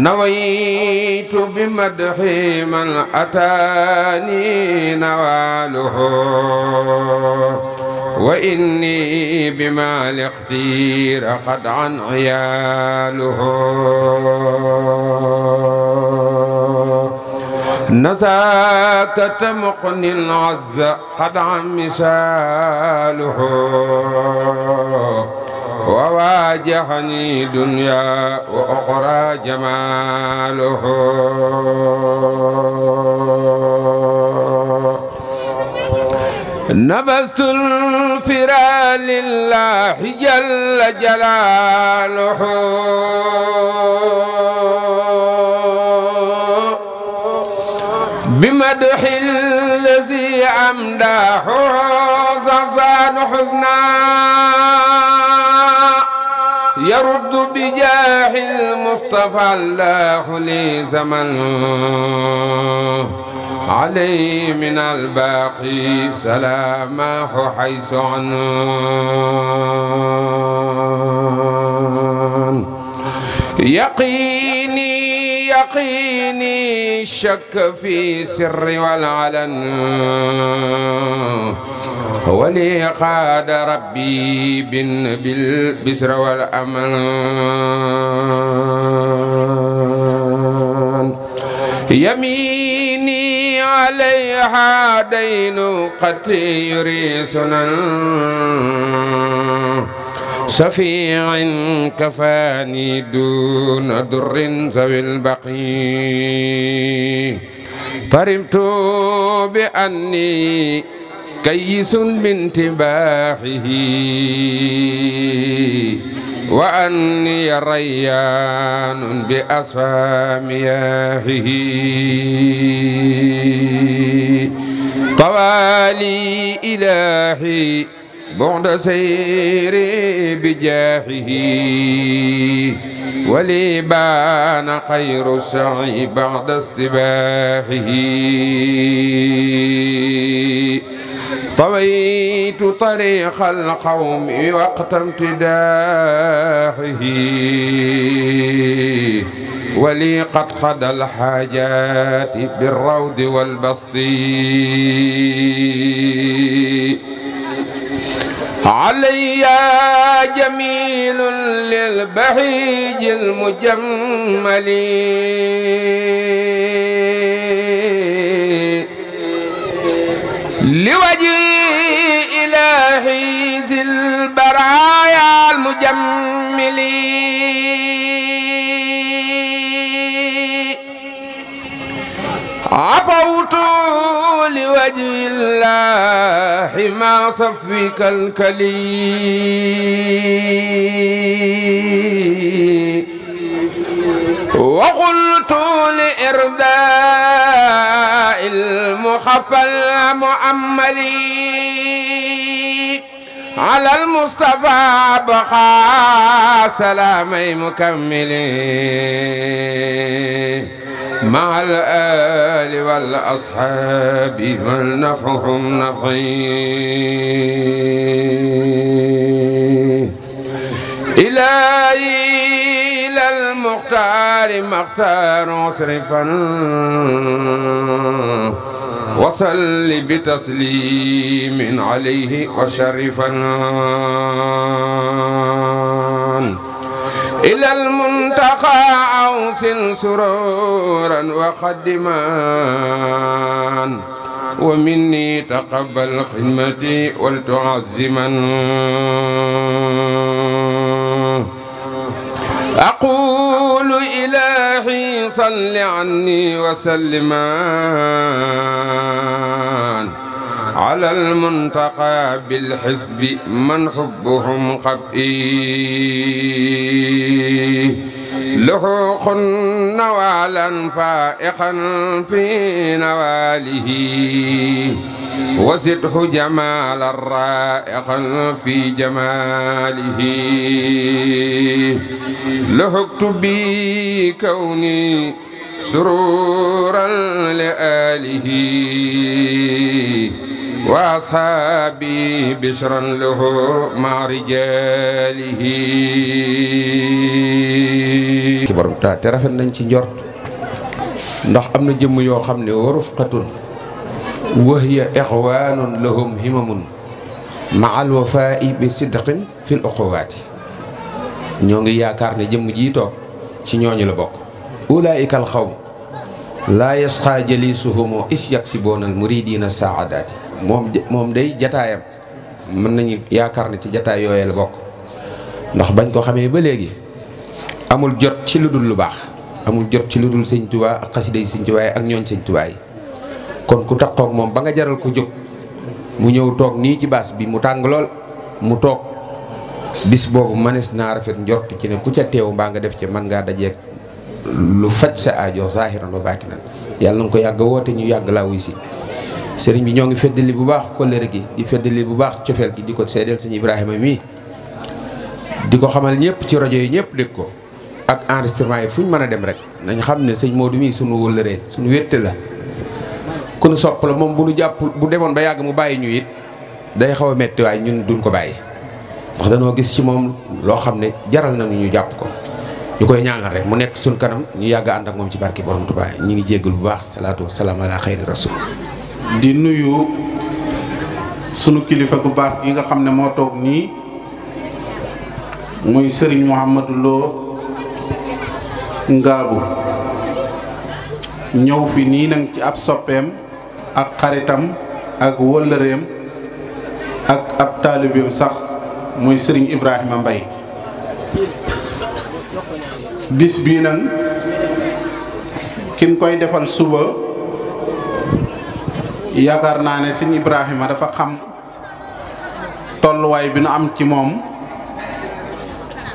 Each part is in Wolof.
نويت بمدحي من أتاني نواله وإني بما الاقتير قد عن عياله نساك تمقن العز قد عن مثاله وواجهني دنيا وأخرى جماله نبذت الفرا لله جل جلاله بمدح الذي أمدحه رفع الله لي زمن علي من الباقي سلامه حيث عنان يقيني يقيني شك في سر والعلن ولي قاد ربي بالبسر والأمان يميني عليها دين قد يريسنا شفيع كفاني دون در ذوي البقي فرمت بأني كيس بانتباهه وأني ريان بأصفى مياهه طوالي إلهي بعد سيري بجاحه ولي بان خير السعي بعد استباحه طويت طريق القوم وقت امتداحه ولي قد خدى الحاجات بالروض والبسط علي جميل للبهيج المجمل لوجه إلهي ذي البرايا المجمل عفوت لوجه الله مع صفك الكليم وقلت لإرداء المخفى المؤملي على المصطفى بقى سلامي مكملين مع الآل والأصحاب من نفعهم نفعي إلهي إلى المختار مختار مسرفا وصل بتسليم عليه وشرفا إلى المنتقى أوس سرورا وخدما ومني تقبل خدمتي ولتعزما أقول إلهي صل عني وسلما على المنتقى بالحسب من حبهم خبئي له خن نوالا فائقا في نواله وسده جمالا رائقا في جماله لهقت بي كوني سرورا لآله وأصحابي بشرا له مع رجاله ki borom te rafet nañ ci njort ndax am na jëmm yoo xam ne wa rufqatun wa hiya ixwaanun himamun maa al wafaa'i bi sidqin fil uquwaati ñoo ngi yaakaar ne jëmm jii toog ci ñooñu la bokk ulaa'ika al xawm laa yasqaa jaliisuhumu is yaksiboona al muridiina saadaati moom moom day jataayam mën nañu yaakaar ne ci jataay yooyee la bokk ndax bañ ko xamee ba léegi amul jot ci lu dul lu baax amul jot ci lu dul sëñ Tuubaa ak xasida yi sëñ Tuubaa ak ñooñ sëñ Tuubaa kon ku takkoog moom ba nga jaral ko jóg mu ñëw toog nii ci baas bi mu tàng lool mu toog bis boobu manes naa rafet njot ci ne ku ca teewu mbaa nga def ci mën ngaa dajeeg lu faj sa aajo saahiran wa baatinan yàlla na ko yàgg woote ñu yàgg laa wuy si sëriñ bi ñoo ngi feddali bu baax kóllëre gi di feddali bu baax cofeel gi di ko seedeel sëñ Ibrahima mii di ko xamal ñëpp ci rajo yi ñëpp dégg ko ak enregistrement yi fu ñu mën a dem rek nañ xam ne sëñ Modou mii suñu wëllëree suñu wétte la ku nu sopp la moom bu nu jàpp bu demoon ba yàgg mu bàyyi ñu it day xaw a metti waaye ñun duñ ko bàyyi wax dañoo gis ci moom loo xam ne jaral na ñu jàpp ko ñu koy na rek mu nekk suñ kanam ñu yàgg ànd ak moom ci barke borom Tuubaa ñu ngi jéggal bu baax salaatu wasalaam ala xayri rasul di nuyu sunu kilifa gu baax gi nga xam ne moo toog nii muy sëriñ Mouhamadou Lo ñëw fi nii nag ci ab soppeem ak xaritam ak wëllëreem ak ab taalibeem sax muy sëriñ Ibrahima Mbaye bis bii nag kin koy defal suba yaakaar naa ne sëñ Ibrahima dafa xam tolluwaay bi nu am ci moom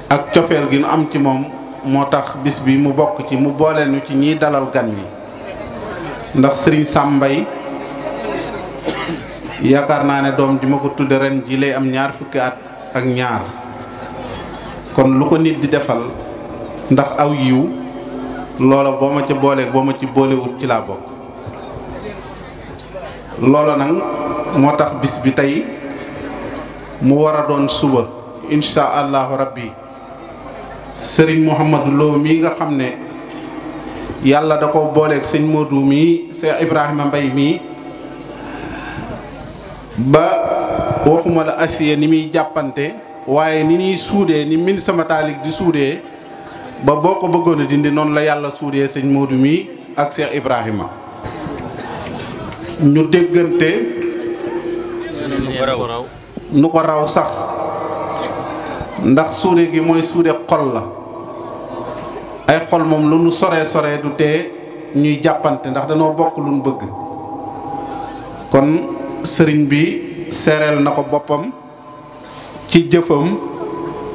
ak cofeel gi nu am ci moom moo tax bis bi mu bokk ci mu boole nu ci ñiy dalal gan yi ndax sëriñ Sàmbay yaakaar naa ne doom ji ma ko tudde ren ji lay am ñaar fukki at ak ñaar kon lu ko nit di defal ndax aw yiw loola boo ma ca booleeg boo ma ci boolewut ci laa bokk loola nag moo tax bis bi tey mu war a doon suba insha allahu rabbi sëriñ Mouhamadou Lo mii nga xam ne yàlla da ko booleeg sëñ moodu mii Cheikh Ibrahima mbay mii ba waxuma la acier ni muy jàppante waaye ni ñuy suudee ni min sama taalik di suudee ba boo ko bëggoon a dindi noonu la yàlla suudee sëñ moodu mii ak Cheikh Ibrahima ñu déggante nu ko raw sax ndax suude gi mooy suude xol la ay xol moom lu nu soree soree du tee ñuy jàppante ndax danoo bokk lu nu bëgg kon sëriñ bi seereel na ko boppam ci jëfam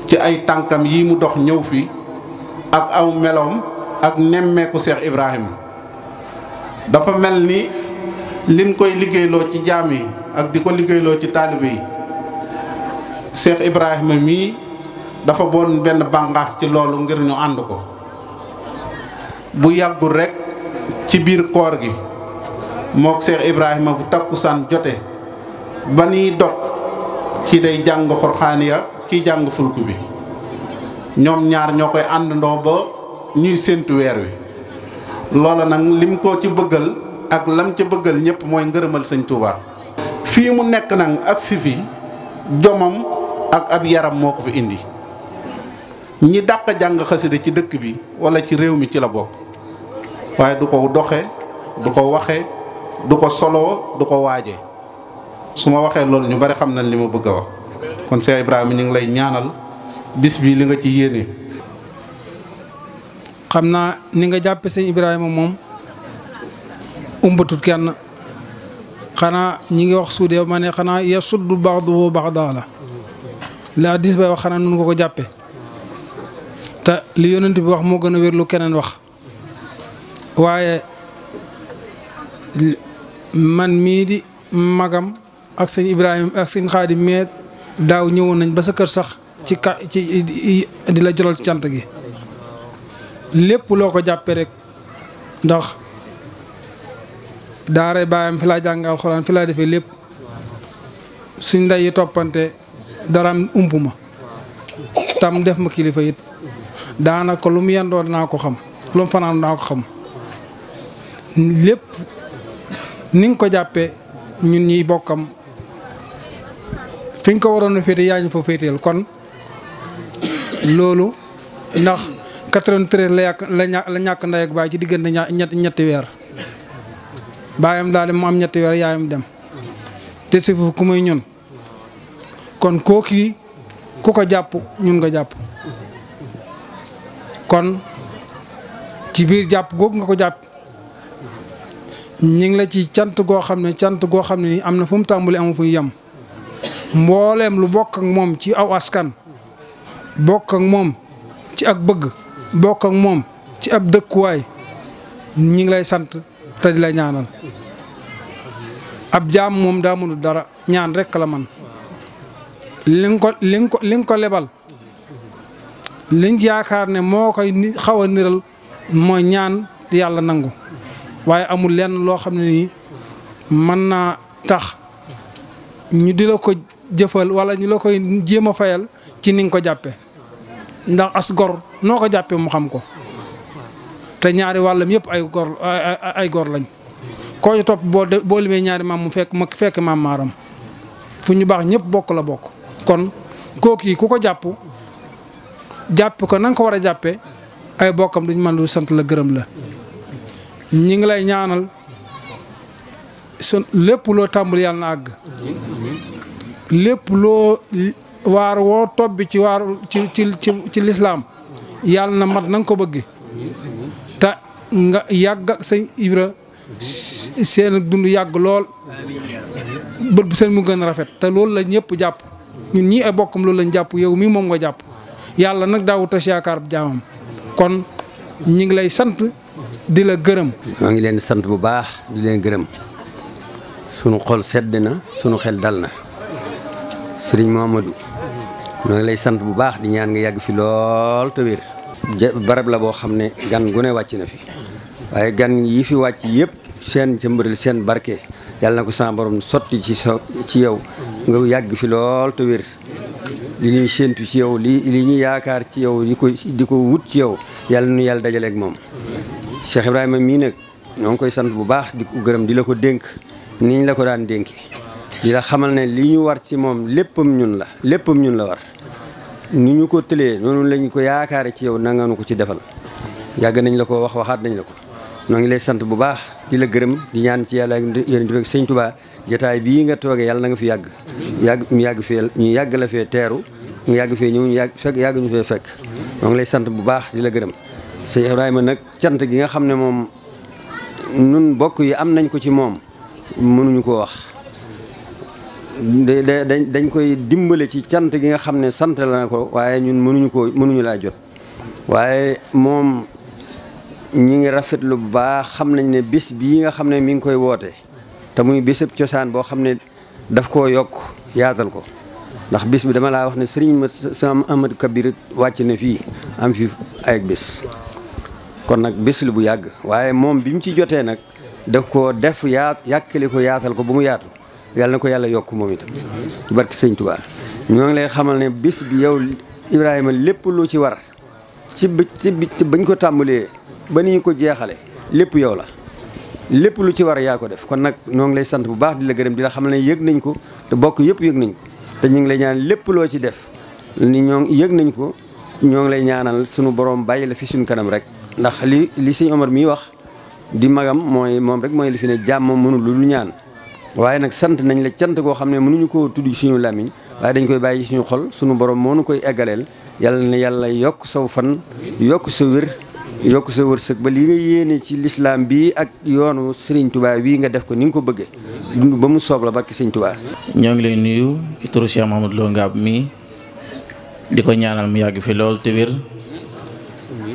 ci ay tànkam yi mu dox ñëw fi ak aw meloom ak nemmeeku seex Ibrahima dafa mel ni lim koy liggéeyloo ci jaam yi ak di ko liggéeyloo ci taalibe yi Cheikh Ibrahima mii dafa bon benn bànqaas ci loolu ngir ñu ànd ko bu yàggul rekk ci biir koor gi mook seex Ibrahima bu takkusaan jote ba nuy dog kii day jàng xurxaan ya kii jàng fulku bi ñoom ñaar ñoo koy àndandoo ba ñuy séentu weer wi loola nag lim ko ci bëggal ak lam ca bëggal ñëpp mooy ngërëmal sëñ Touba. fii mu nekk nag ak si fi jomam ak ab yaram moo ko fi indi ñi dàq jàng xasida ci dëkk bi wala ci réew mi ci la bokk waaye du ko doxe du ko waxe du ko solo du ko waaje su ma waxee loolu ñu bari xam na li ma bëgg a wax kon Cheikh Ibrahima ñu ngi lay ñaanal bis bi li nga ci yéene. xam naa ni nga jàppe sëñ Ibrahima moom. umbatut kenn xanaa ñi ngi wax suudee ma ne xanaa yasuddu baaduhu baadaa la laa dis wax xanaa nun ko ko jàppe te li yonent bi wax moo gën a wér keneen wax waaye man mii di magam ak sëñ Ibrahima ak sëñ Xaadim mee daaw ñëwoon nañ ba sa kër sax ci ka di la jolal ci cant gi lépp loo ko jàppe rek ndax daara baayam fi laa jàng alxuraan fi laa defee lépp suñ nday yi toppante daram ump ma tam def ma kilifa it daanaka lu mu yendoo naa ko xam lu mu fanaan naa ko xam lépp ni ko jàppee ñun ñiy bokkam fi nga ko waroon a féete yaa ñu fa féeteel kon loolu ndax 93 la yàq la ñàkk nday ak baay ci diggante ñetti weer. baayam daal mu am ñetti weer yaayam dem te si fu ku muy ñun kon kooki ku ko jàpp ñun nga jàpp kon ci biir jàpp googu nga ko jàpp ñu ngi la ci cant goo xam ne cant goo xam ne ni am na fu mu tàmbali amu fu yem mbooleem lu bokk moom ci aw askan bokk ak moom ci ak bëgg bokk moom ci ab dëkkuwaay ñi ngi lay sant te di la ñaanal ab jaam moom daa mënul dara ñaan rekk la man li ko li nga ko lebal liñ yaakaar ne moo koy ni xaw a niral mooy ñaan yàlla nangu waaye amul lenn loo xam ne nii mën naa tax ñu di la ko jëfal wala ñu la koy jéem a fayal ci ni ko jàppe ndax as gor noo ko jàppe mu xam ko te ñaari wàllam yëpp ay góor góor lañ koo ci topp boo limee ñaari maam mu fekk ma fekk maam maaram fu ñu baax ñëpp bokk la bokk kon kooku yi ku ko jàpp jàpp ko na ko war a jàppee ay bokkam duñ mën lu sant la gërëm la ñu ngi lay ñaanal lépp loo tàmbul yàlla na àgg lépp loo waar woo tobbi ci waar ci ci lislaam yàlla na mat na ko bëgg te nga yàgg ak sëñ Ibra seen dund yàgg lool bët bu seen mu gën a rafet te loolu la ñëpp jàpp ñun ñii ay bokkam lool lañ jàpp yow mii moom nga jàpp yàlla nag daawu si yaakaar jaamam kon ñu ngi lay sant di la gërëm. maa ngi leen di sant bu baax di leen gërëm sunu xol sedd na sunu xel dal na sëriñ Mamadou maa ngi lay sant bu baax di ñaan nga yàgg fi lool te wér barab la boo xam ne gan gu ne wàcc na fi waaye gan yi fi wàcc yëpp seen cëmbëril seen barke yàlla na ko sama sotti ci sa ci yow nga yàgg fi lool te wér li ñuy séentu ci yow li ñuy yaakaar ci yow di ko di ko wut ci yow yàlla nu yàlla dajaleeg moom Cheikh Ibrahima mii nag ñoo ngi koy sant bu baax di ko di la ko dénk niñ la ko daan dénki di la xamal ne li ñu war ci moom léppam ñun la léppam ñun la war nu ñu ko tëlee noonu lañu ko yaakaare ci yow nanga nu ko ci defal yàgg nañ la ko wax waxaat nañ la ko noo ngi lay sant bu baax di la gërëm di ci yàlla yonent bi sëñ Tuubaa jataay bii nga toogee yàlla na nga fi yàgg yàgg ñu yàgg fee ñu yàgg la fee teeru yàgg fee ñëw yàgg fekk yàgg ñu fekk noo ngi lay sant bu baax di la gërëm sëñ Ibrahima nag sant gi nga xam ne moom nun bokk yi am nañ ko ci moom mënuñu ko wax dañ dañ koy dimbale ci cant gi nga xam ne sant la na ko waaye ñun mënuñu koo mënuñu laa jot waaye moom ñu ngi rafetlu bu baax xam nañ ne bis bii nga xam ne mi ngi koy woote te muy bisab cosaan boo xam ne daf koo yokk yaatal ko ndax bis bi dama laa wax ne sëriñ ma sama Amadou Kabir wàcc na fii am fi ay bis kon nag bis la bu yàgg waaye moom bi mu ci jotee nag daf koo def yaat yàkkali ko yaatal ko bu mu yaatu yàlla na ko yàlla yokk moom itam barki sëñ Tuubaa ñoo ngi lay xamal ne bis bi yow Ibrahima lépp lu ci war ci bi ci bi bañ ko tàmbalee ba ni ñu ko jeexale lépp yow la lépp lu ci war yaa ko def kon nag ñoo ngi lay sant bu baax di la gërëm di la xamal ne yëg nañ ko te bokk yëpp yëg nañ ko te ñu ngi lay ñaan lépp loo ci def ni ñoo yëg nañ ko ñoo ngi lay ñaanal sunu borom bàyyi la fi suñu kanam rek ndax li li sëñ Omar miy wax di magam mooy moom rek mooy li fi ne jàmm mënul lu ñaan waaye nag sant nañ la cant koo xam ne mënuñu koo tudd suñu làmmiñ waaye dañ koy bàyyi suñu xol suñu borom moo nu koy eggaleel yàlla na yàlla yokk saw fan yokk sa wér yokk sa wërsëg ba li nga yéene ci lislaam bi ak yoonu sëriñ Touba wii nga def ko ni nga ko bëggee dund ba mu soob la barki sëriñ Touba. ñoo ngi lay nuyu ci turu Cheikh Mahamadou Lo mii di ko ñaanal mu yàgg fi lool te wér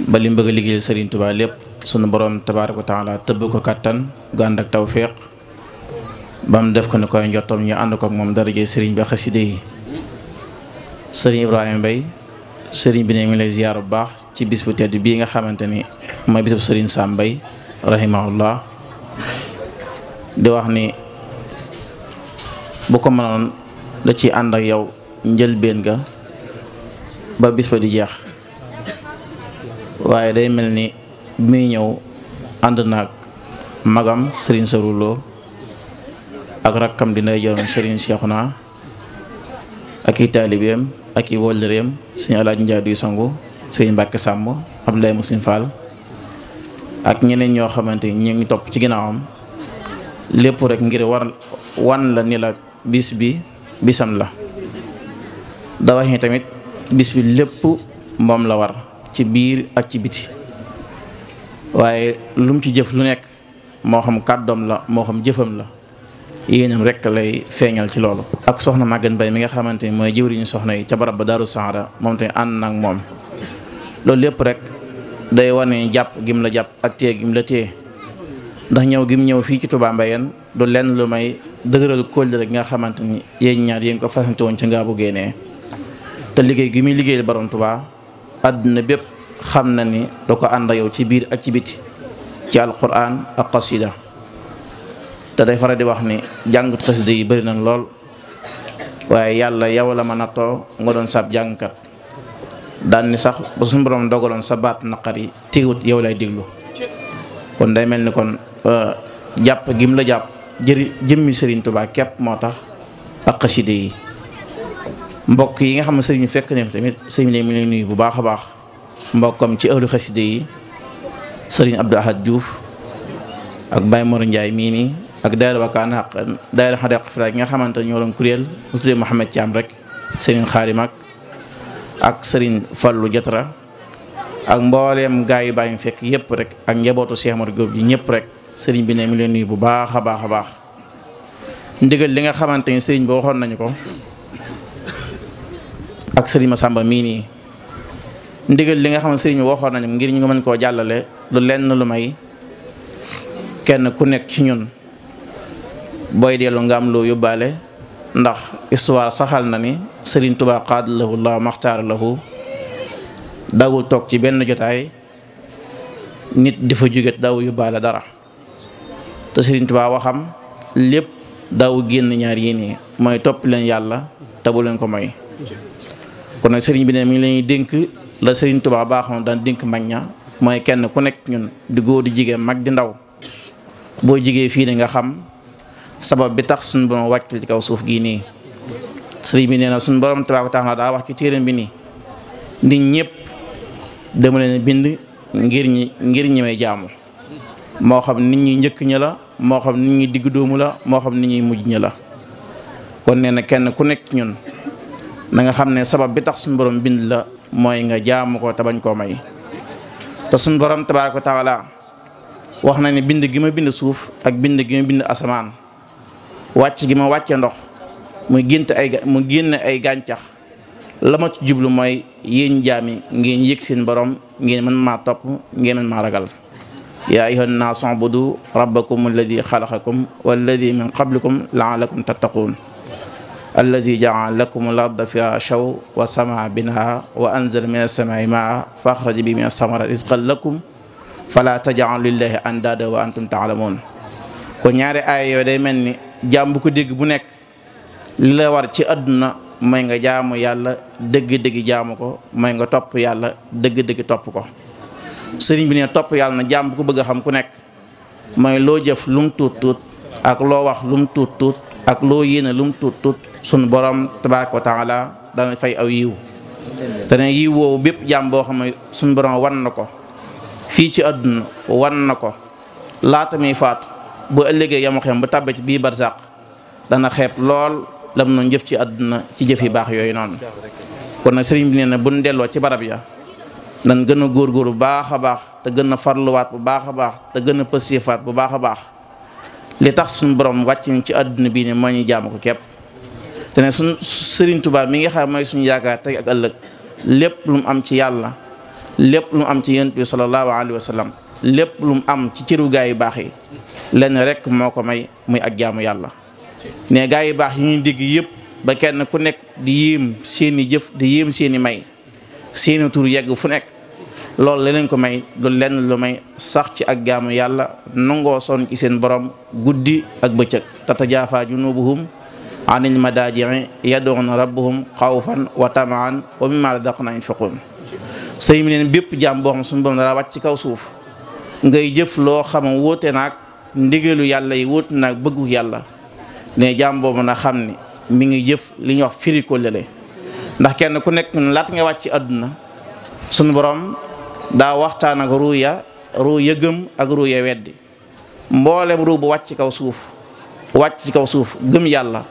ba li mu bëgg a liggéeyal sëriñ Touba lépp sunu borom tabaaraka taala tëbb ko kattan gu ànd ak tawféex ba mu def ko ni koy njottam ñu ànd ko ak moom daraje sëriñ bi xaside yi sëriñ Ibrahima Mbaye sëriñ bi ne mi lay bu baax ci bis bu tedd bii nga xamante ni mooy bisub sëriñ Sam Mbaye rahimahullah di wax ni bu ko mënoon da ci ànd ak yow njëlbeen ga ba bis di jeex waaye day mel ni muy ñëw ànd naag magam sëriñ Saruloo ak rakkam di ndey jooram Serigne Cheikhouna ak i taalibeem ak i wóllëreem suñu alaaj njaay duy sangu Serigne Mbàkke Sàmb Abdoulaye Moussine Fall ak ñeneen ñoo xamante ñu ngi topp ci ginnaawam lépp rek ngir war wan la ni la bis bi bisam la da wax tamit bis bi lépp moom la war ci biir ak ci biti waaye lu mu ci jëf lu nekk moo xam kàddoom la moo xam jëfam la yéenam rek lay feeñal ci loolu. ak soxna màgget mbay mi nga xamante ni mooy jëwriñu soxna yi ca barab ba Daaru Saara moom tamit ànd nag moom loolu lépp rek day wane jàpp gim la jàpp ak téye gim la téye ndax ñëw gim ñëw fii ci Touba Mbayeen du lenn lu may dëgëral kóllëre gi nga xamante ni yéen ñaar yéen ko fasantewoon ci ca Ngabou Guéné te liggéey gi muy liggéeyal borom Touba àdduna bépp xam na ni da ko ànd yow ci biir ak ci biti ci alquran ak qasida te day fara di wax ni jàngut xasida yi bëri nañ lool waaye yàlla yow la ma nattoo nga doon sab jàngkat daan sax ba suñu borom dogaloon sa baat naqar yi tiwut yow lay déglu kon day mel ni kon euh, jàpp gim la jàpp jëri jëmmi sëriñ tubaa képp moo tax ak xasida yi mbokk yi nga xam ne Serigne fekk nañ tamit sëñ bi bu baax a baax mbokkam ci ëllu xasida yi Serigne Abdou Ahad Diouf ak Baye Mor Ndiaye mii nii. ak daayira Wakkaan xaq daayira xadeq Fila gi nga xamante ne ñoo doon kuréel mu tuddee Mouhamed Thiam rek Serigne Xaarim ak sëriñ Serigne Fallou Jatra ak mbooleem gaa yi bàyyi fekk yëpp rek ak njabootu Cheikh Amar yi ñëpp rek sëriñ bi ne mi leen nuyu bu baax a baax a baax ndigal li nga xamante ni Serigne bi waxoon nañu ko ak ma sàmba mii nii ndigal li nga xam ne Serigne bi waxoon nañu ngir ñu mën koo jàllale lu lenn lu may kenn ku nekk ci ñun. booy dellu nga am loo yóbbaale ndax histoire saxal na ni Serigne Touba qaad lahu laa maxtaar lahu dawul toog ci benn jotaay nit di fa jóge daw yóbbaale dara te Serigne Touba waxam lépp daw génn ñaar yii nii mooy topp leen yàlla te bu leen ko mooy kon nag sëriñ bi ne mi ngi leen dénk la Serigne Touba baaxoon daan dénk mag ña mooy kenn ku nekk ñun di góor di jigéen mag di ndaw boo jigee fii ne nga xam. sabab bi tax suñu borom wàcc ci kaw suuf gii nii sëriñ bi nee na suñu borom tabaaraka taala daa wax ci téeram bi nii nit ñëpp dama bind ngir ñi ngir ñi nit ñi njëkk ña la moo digg doomu la moo xam nit la kon nee na kenn ku nekk ñun na xam ne sabab bi tax suñu borom bind la mooy nga jaamu ko te bañ koo may te borom tabaaraka na ne bind gi ma bind suuf ak bind gi ma bind asamaan wàcc gi ma wàcce ndox mu gént ay mu génn ay gàncax la ma ci jublu mooy yéen jaami ngeen yëg seen borom ngeen man ma topp ngeen mën maa ragal yaa ayyuhan naasu ubudu rabbakum alladi xalaqakum walladi min qablikum laalakum tattaquun alladi jaa lakum al arda firaashaw wa samaa binaa wa anzala min asamaai maa fa axraja bi min asamara risqan lakum fala tajaalu lillahi andaada wa antum jaam bu ko dégg bu nekk li la war ci àdduna mooy nga jaamu yàlla dëgg-dëgg jaamu ko mooy nga topp yàlla dëgg-dëgg topp ko sëriñ bi ne topp yàlla na jaam bu ko bëgg xam ku nekk mooy loo jëf lum tuut tuut ak loo wax lum tuut tuut ak loo yéene lum tuut tuut suñ boroom tabaaraka wa taala dana fay aw yiw te ne yiw woowu bépp jaam boo xam suñ sun borom wan na ko fii ci àdduna wan na ko laata muy faatu bu ëllëgee yamu xem bu tàbbee ci bii barsàq dana xeeb lool lam noonu jëf ci àdduna ci jëf yi baax yooyu noonu kon nag sëriñ bi nee na buñ delloo ci barab ya dan gën a góorgóor bu baax a baax te gën a farluwaat bu baax a baax te gën a pësifaat bu baax a baax li tax suñu borom wàcc ci àdduna bii ne mooy ñu jaamu ko képp te ne suñu sëriñ tubaab mi nga xam mooy suñu yaakaar te ak ëllëg lépp lu mu am ci yàlla lépp lu mu am ci yonent bi sallallahu alayhi lépp lu mu am ci cëru gaa yu baax yi lenn rek moo ko may muy ak jaamu yàlla ne gaa yu baax yi ñuy dégg yëpp ba kenn ku nekk di yéem seen i jëf di yéem seeni may seen i yegg fu nekk loolu leneen ko may lu lenn lu may sax ci ak jaamu yàlla nangoo son ci seen boroom guddi ak bëccëg tatajaafaa junubuhum anil madaaji'i yad'uuna rabbahum xawfan wa tamaan wa mimmaa razaqnaahum yunfiquun sëy mi neen bépp jaam boo xam suñu borom dara ci kaw suuf ngay jëf loo xam wóote naag ndigalu yàlla yi wóote naag bëggu yàlla ne jàmm boobu na xam ni mu ngi jëf li ñuy wax firi kóllëre ndax kenn ku nekk laata nga wàcc àdduna sunu borom daa waxtaan ak ruu ya ruu ya gëm ak ruu ya weddi mboolem ruu bu wàcc kaw suuf wàcc ci kaw suuf gëm yàlla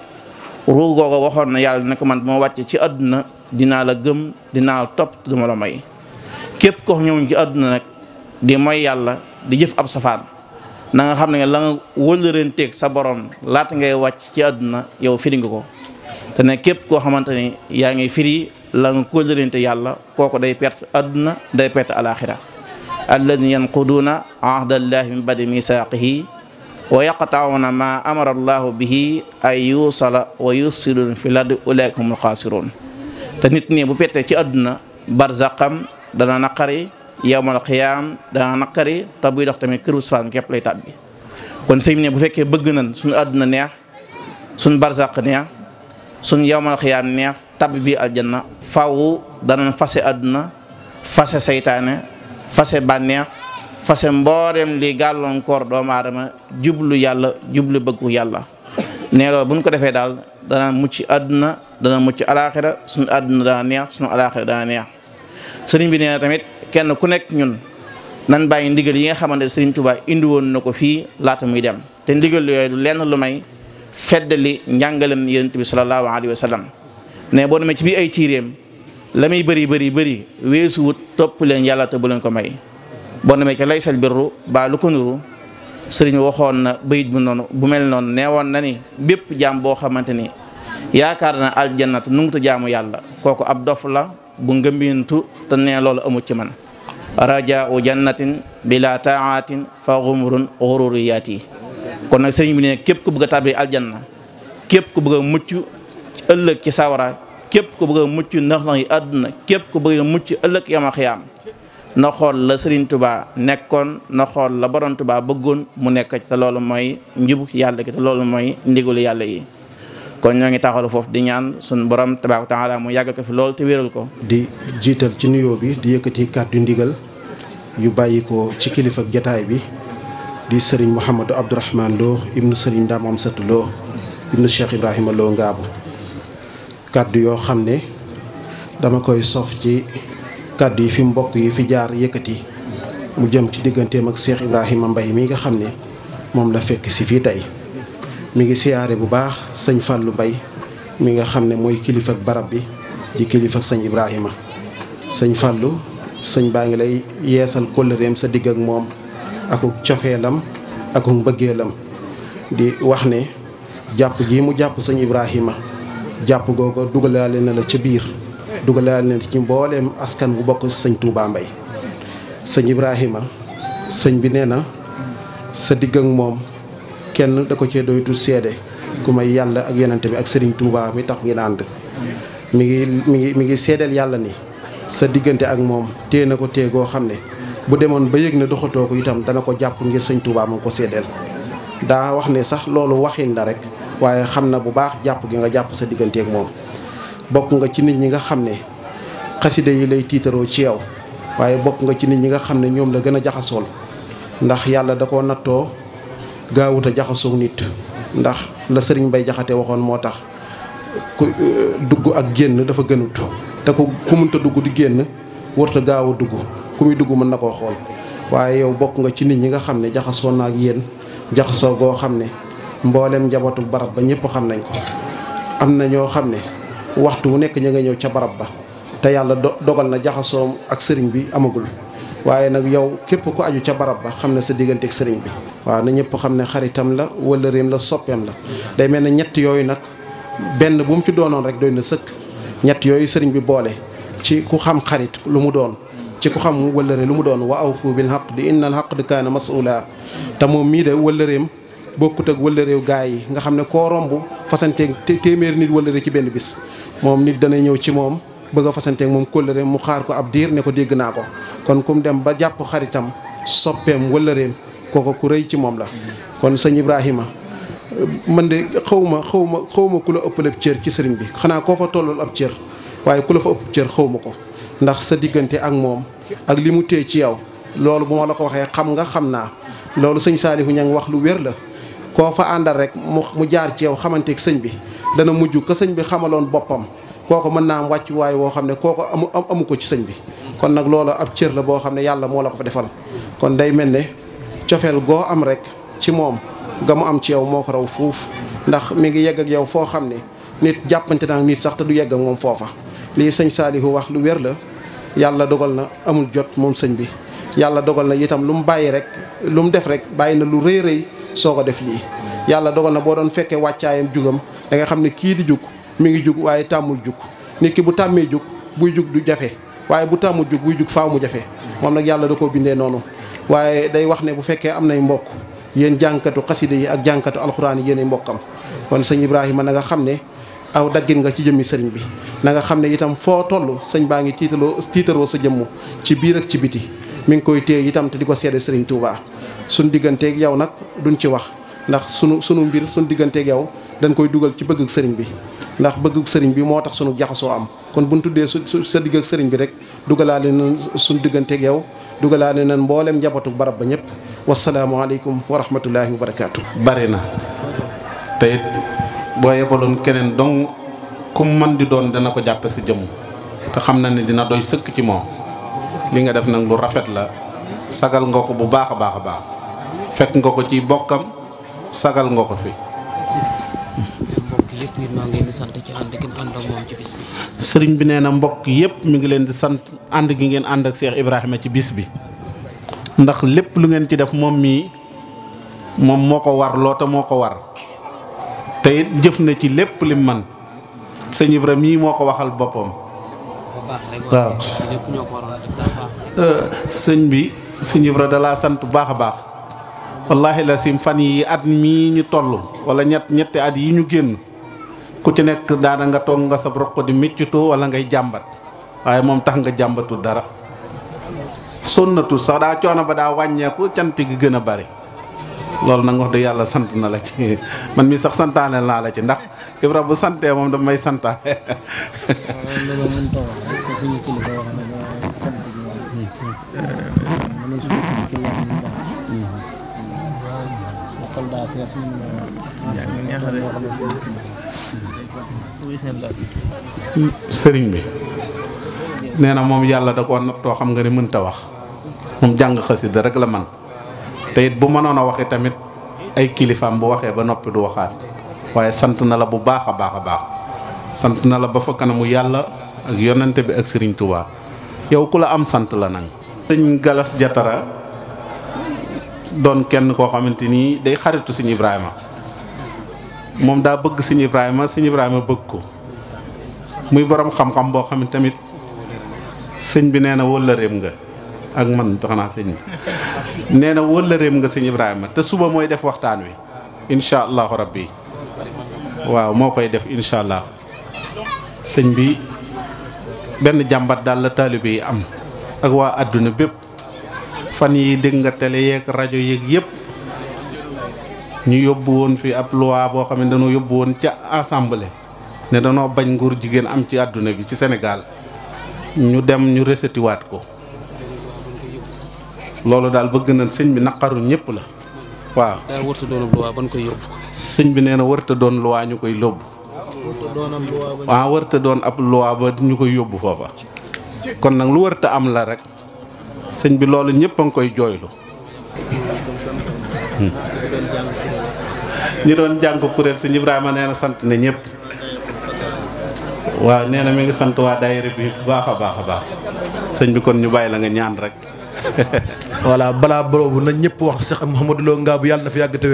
ruu ko waxoon na yàlla ne ko man moo wàcc ci àdduna dinaa la gëm dinaa la topp duma la may képp ko ñëw ci àdduna nag di mooy yàlla di jëf ab safaan na nga xam ne la nga wëllëranteeg sa borom laata ngay wàcc ci àdduna yow firi nga ko te ne képp koo xamante ni yaa ngi firi la nga kóllërante yàlla kooko day perte àdduna day perte alaaxira alladina yanquduuna ahdallahi min badi misaaqihi wa yaqtauna ma amara allahu bihi ay yuusala wa yufsiluun fi ladi ulaika humul xaasiruun te nit ñi bu pettee ci àdduna barzaqam dana naqari yawmal xiyaam dana naqari te buy dox tamit kër Sufaan képp lay tàbbi kon sëñ ne bu fekkee bëgg nañ suñu àdduna neex suñu barzaq neex suñu yawmal xiyaam neex tàbbi bi aljanna faaw danañ fase àdduna fase saytaane fase bànneex fase mbooreem li gàllankoor doomu aadama jublu yàlla jublu bëggu yàlla nee loolu buñ ko defee daal dana mucc àdduna dana mucc alaaxira suñu àdduna dana neex suñu alaaxira dana neex sëriñ bi nee na tamit kenn ku nekk ñun nan bàyyi ndigal yi nga xamante Serigne Touba indi woon na ko fii laata muy dem te ndigal yooyu lenn lu may feddali njàngalem yonent bi sallallahu alayhi wa sallam ne boo ma ci biir ay ciiréem la may bëri bëri bëri weesu wut topp leen yàlla te bu leen ko may boo demee ci laysal birru baa lu ko nuru sëriñ waxoon na bayit bu noonu bu mel noonu woon na ni bépp jaam boo xamante ni yaakaar na aljannat nungutu jaamu yàlla kooku ab dof la bu ngëmbintu ci man rajaau jannatin bila taatin fa xumrun xururiyaat yi kon nag sëriñ bi ne képp ku bëgg a tàbbi aljanna képp ku bëgg mucc ëllëg ci sawara képp ku bëgg a mucc ndax nax yi àdduna képp ku bëgg a mucc ëllëg yama xiyaam na xool la sëriñ tubaa nekkoon na xool la borom tubaa bëggoon mu nekk te loolu mooy njibu yàlla gi te loolu mooy ndigalu yàlla yi kon ñoo ngi taxalu foofu di ñaan suñu borom tabaaraka taala mu yàgg ko fi lool te wéral ko. di jiital ci nuyoo bi di yëkkati kàddu ndigal yu bàyyi ko ci kilifa jataay bi di sëriñ Mouhamadou Abdourahman Lo ibnu sëriñ Dame Amsatou Lo ibnu Cheikh Ibrahima Lo Ngaabu kàddu yoo xam ne dama koy sof ci kàddu yi fi mbokk yi fi jaar yëkkati mu jëm ci digganteem ak Cheikh Ibrahima mbay mi nga xam ne moom la fekk si fii tey mi ngi siyaare bu baax sëñ fàllu mbay mi nga xam ne mooy kilifa ak barab bi di kilifa ak sëñ Ibrahima sëñ Fallou sëñ baa ngi lay yeesal kóllëreem sa digg ak moom akuk cofeelam akuk mbëggeelam di wax ne jàpp gi mu jàpp sëñ Ibrahima jàpp googu dugalaale na la ca biir dugalaale na ci mbooleem askan bu bokk sëñ Touba mbay sëñ Ibrahima sëñ bi nee na sa digg ak moom kenn da ko cee doytu seede ku may yàlla ak yonent bi ak sëriñ Touba mi tax ngeen ànd mi ngi mi ngi mi ngi seedeel yàlla ni sa diggante ak moom téye na ko téye goo xam ne bu demoon ba yëg na doxatoo ko itam dana ko jàpp ngir sëñ Touba mu ko seedeel daa wax ne sax loolu waxin la rek waaye xam na bu baax jàpp gi nga jàpp sa diggante ak moom bokk nga ci nit ñi nga xam ne xasida yi lay tiitaroo ci yow waaye bokk nga ci nit ñi nga xam ne ñoom la gën a jaxasool ndax yàlla da koo nattoo gaawut nit ndax la sëriñ bay Jaxate waxoon moo tax ku euh, dugg ak génn dafa gënut te ku ku mënta dugg di génn warta gaaw a dugg ku dugg mën na koo xool waaye yow bokk nga ci nit ñi nga xam ne jaxasoo na ak yéen jaxasoo goo xam ne mboolem njabootu barab ba ñëpp xam nañ ko am na ñoo xam ne waxtu wu nekk ñu nga ñëw ca barab ba te yàlla dogal na jaxasoom ak sëriñ bi amagul waaye nag yow képp ku aju ca barab ba xam ne sa digganteeg sëriñ bi waaw na ñëpp xam ne xaritam la wala réem la soppeem la day mel ne ñett yooyu nag benn bu mu ci doonoon rek doy na sëkk ñett yooyu sëriñ bi boole ci ku xam xarit lu mu doon ci ku xam wëllëre lu mu doon wa awfu bil xaq di innal xaq di kaana masula te moom mii de wëllëreem bokkut ak wëllëreew gaa yi nga xam ne koo romb fasanteeg téeméeri nit wëllëre ci benn bis moom nit dana ñëw ci moom bëgg a fasanteeg moom kóllëreem mu xaar ko ab diir ne ko dégg naa ko kon kum dem ba jàpp xaritam soppeem wëllëreem kooko ku rëy ci moom la kon sëñ Ibrahima man de xawma xawma xawma ku la ëppal ab cër ci sëriñ bi xanaa koo fa tollul ab cër waaye ku la fa ëpp cër xawma ko ndax sa diggante ak moom ak li mu téye ci yow loolu bu ma la ko waxee xam nga xam naa loolu sëñ Saalihu ña ngi wax lu wér la koo fa àndal rek mu mu jaar ci yow xamanteeg sëñ bi dana mujj ka sëñ bi xamaloon boppam kooku mën naa am wàccuwaay woo xam ne kooku amu amu ko ci sëñ bi kon nag loolu ab cër la boo xam ne yàlla moo la ko fa defal kon day mel ne cofeel goo am rek ci moom ga mu am ci yow moo ko raw fuuf ndax mi ngi yegg ak yow foo xam ne nit jàppante naa nit sax te du yegg ak moom foofa lii sëñ Saalihu wax lu wér la yàlla dogal na amul jot moom sëñ bi yàlla dogal na itam lu mu bàyyi rek lu mu def rek bàyyi na lu rëy rëy soo ko def lii yàlla dogal na boo doon fekkee wàccaayam jugam da nga xam ne kii di jug mi ngi jug waaye tàmmul jug nit ki bu tàmmee jug buy jug du jafe waaye bu tàmmul jug buy jug faaw mu jafe moom nag yàlla da koo bindee noonu waaye day wax ne bu fekkee am nay mbokk yéen jànkatu xasida yi ak jànkatu alxuraan yi yéenay mbokkam kon sëñ Ibrahima na nga xam ne aw daggin nga ci jëmmi sëriñ bi na nga xam ne itam foo toll sëñ baa ngi tiitaloo tiitaroo sa jëmm ci biir ak ci biti mi ngi koy téye itam te di ko seede sëriñ Touba suñ digganteeg yow nag duñ ci wax ndax sunu sunu mbir suñ digganteeg yow dañ koy dugal ci bëgg sëriñ bi ndax bëggug sëriñ bi moo tax sunu jaxasoo am kon bu ñu tuddee su sa digg ak sëriñ bi rek dugalaale nan suñu digganteeg yow dugalaale nan mboolem njabootu barab ba ñëpp wasalaamualeykum wa rahmatullahi wa barakaatu. bari na te it boo yebaloon keneen dong ku man di doon dana ko jàppe si jëmm te xam na ne dina doy sëkk ci moom li nga def nag lu rafet la sagal nga ko bu baax a baax a baax fekk nga ko ci bokkam sagal nga ko fi. mbokk yi maa ci ànd gi bi. sëriñ bi nee na mbokk yëpp mi ngi leen di sant ànd gi ngeen ànd ak Cheikh Ibrahima ci bis bi ndax lépp lu ngeen ci def moom mii moom moo ko war loota moo ko war te jëf na ci lépp lim man sëñ Ibrahima mii moo ko waxal boppam. waaw euh, sëñ bi sëñ Ibrahima da laa sant bu baax a baax. wallaahi la sim fan yi at mii ñu toll wala ñett ñetti at yi ñu génn ku ci nekk daana nga toog nga sab roq di méccitoo wala ngay jàmbat waaye moom tax nga jàmbatu dara sonnatul sax daa coono ba daa wàññeeku cant gi gën a bari loolu nag wax dëgg yàlla sant na la ci man mi sax santaane naa la ci ndax Ibra bu santee moom da may santaane hmm. Kolda euh, Thiès sëriñ bi nee na moom yàlla da koo nattoo xam nga ni mënta wax moom jàng xasida rek la man te it bu mënoon a waxi tamit ay kilifaam bu waxee ba noppi du waxaat waaye sant na la bu baax a baax a baax sant na la ba fa kanamu yàlla ak yonente bi ak sëriñ Touba yow ku la am sant la nag. sëñ Galas Jatara. doon kenn koo xamante ni day xaritu sëñ Ibrahima moom daa bëgg sëñ Ibrahima sëñ Ibrahima bëgg ko muy boroom xam-xam boo xam ne tamit sëñ bi nee na wëllëreem nga ak man tax naa nee na wëllëreem nga sëñ Ibrahima te suba mooy def waxtaan wi incha rab rabbi waaw moo koy def incha allah sëñ bi benn jàmbat daal la taalibe am ak waa àdduna bépp. fan yi dégg nga télé yeeg rajo yeeg yëpp ñu yóbbu woon fi ab loi boo xam ne yóbbu woon ca assemblée ne danoo bañ nguur jigéen am ci àdduna bi ci Sénégal ñu dem ñu resetiwaat ko loolu daal bëgg na sëñ bi naqaru ñëpp la waaw. daa warta doon yóbbu. sëñ bi nee na warta doon loi ñu koy yóbbu. waaw warta ah, doon ab loi ba ñu koy yóbbu foofa kon nag lu warta am la rek. sëñ bi loolu ñëpp nga koy jooylu hmm. ñi doon jàng kuréel sëñ Ibrahima nee na sant na ñëpp waaw nee na mi ngi sant waa daayira bi bu baax a baax a baax sëñ bi kon ñu bàyyi la nga ñaan rek voilà balaa boobu na ñëpp wax Cheikh Mouhamadou Lo Ngabou yàlla na fi yàgg te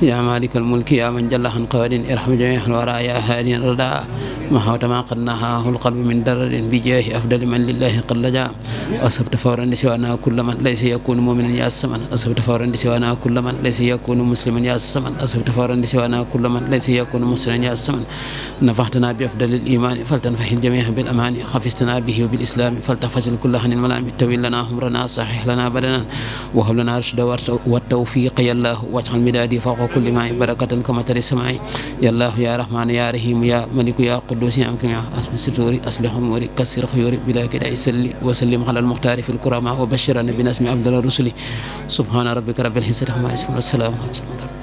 yaa maalikal mulki yaa man jalla xan qawadin irham jami'al wara ya haadin rada محوت ما قد نهاه القلب من درر بجاه أفضل من لله قد لجا أصبت فورا لسوانا كل من ليس يكون مؤمنا يا السمن أصبت فورا لسوانا كل من ليس يكون مسلما يا السمن أصبت فورا لسوانا كل من ليس يكون مسلما يا السمن نفحتنا بأفضل الإيمان فلتنفح الجميع بالأمان خفزتنا به وبالإسلام فلتفصل كل عن الملام التويل لنا أمرنا صحيح لنا بدنا وهب لنا رشد والتوفيق يا الله واجعل مدادي فوق كل ما بركة كما تري السماء يا الله يا رحمن يا رحيم يا ملك يا quddusi am kima asmi suturi asli xumuri kassir xuyuri bila kiday salli wa sallim ala al muxtaari fi lkurama wa bashirana bi nasmi abdala rusuli subhana rabbika rabbil izzati amma yasifun wa salaamun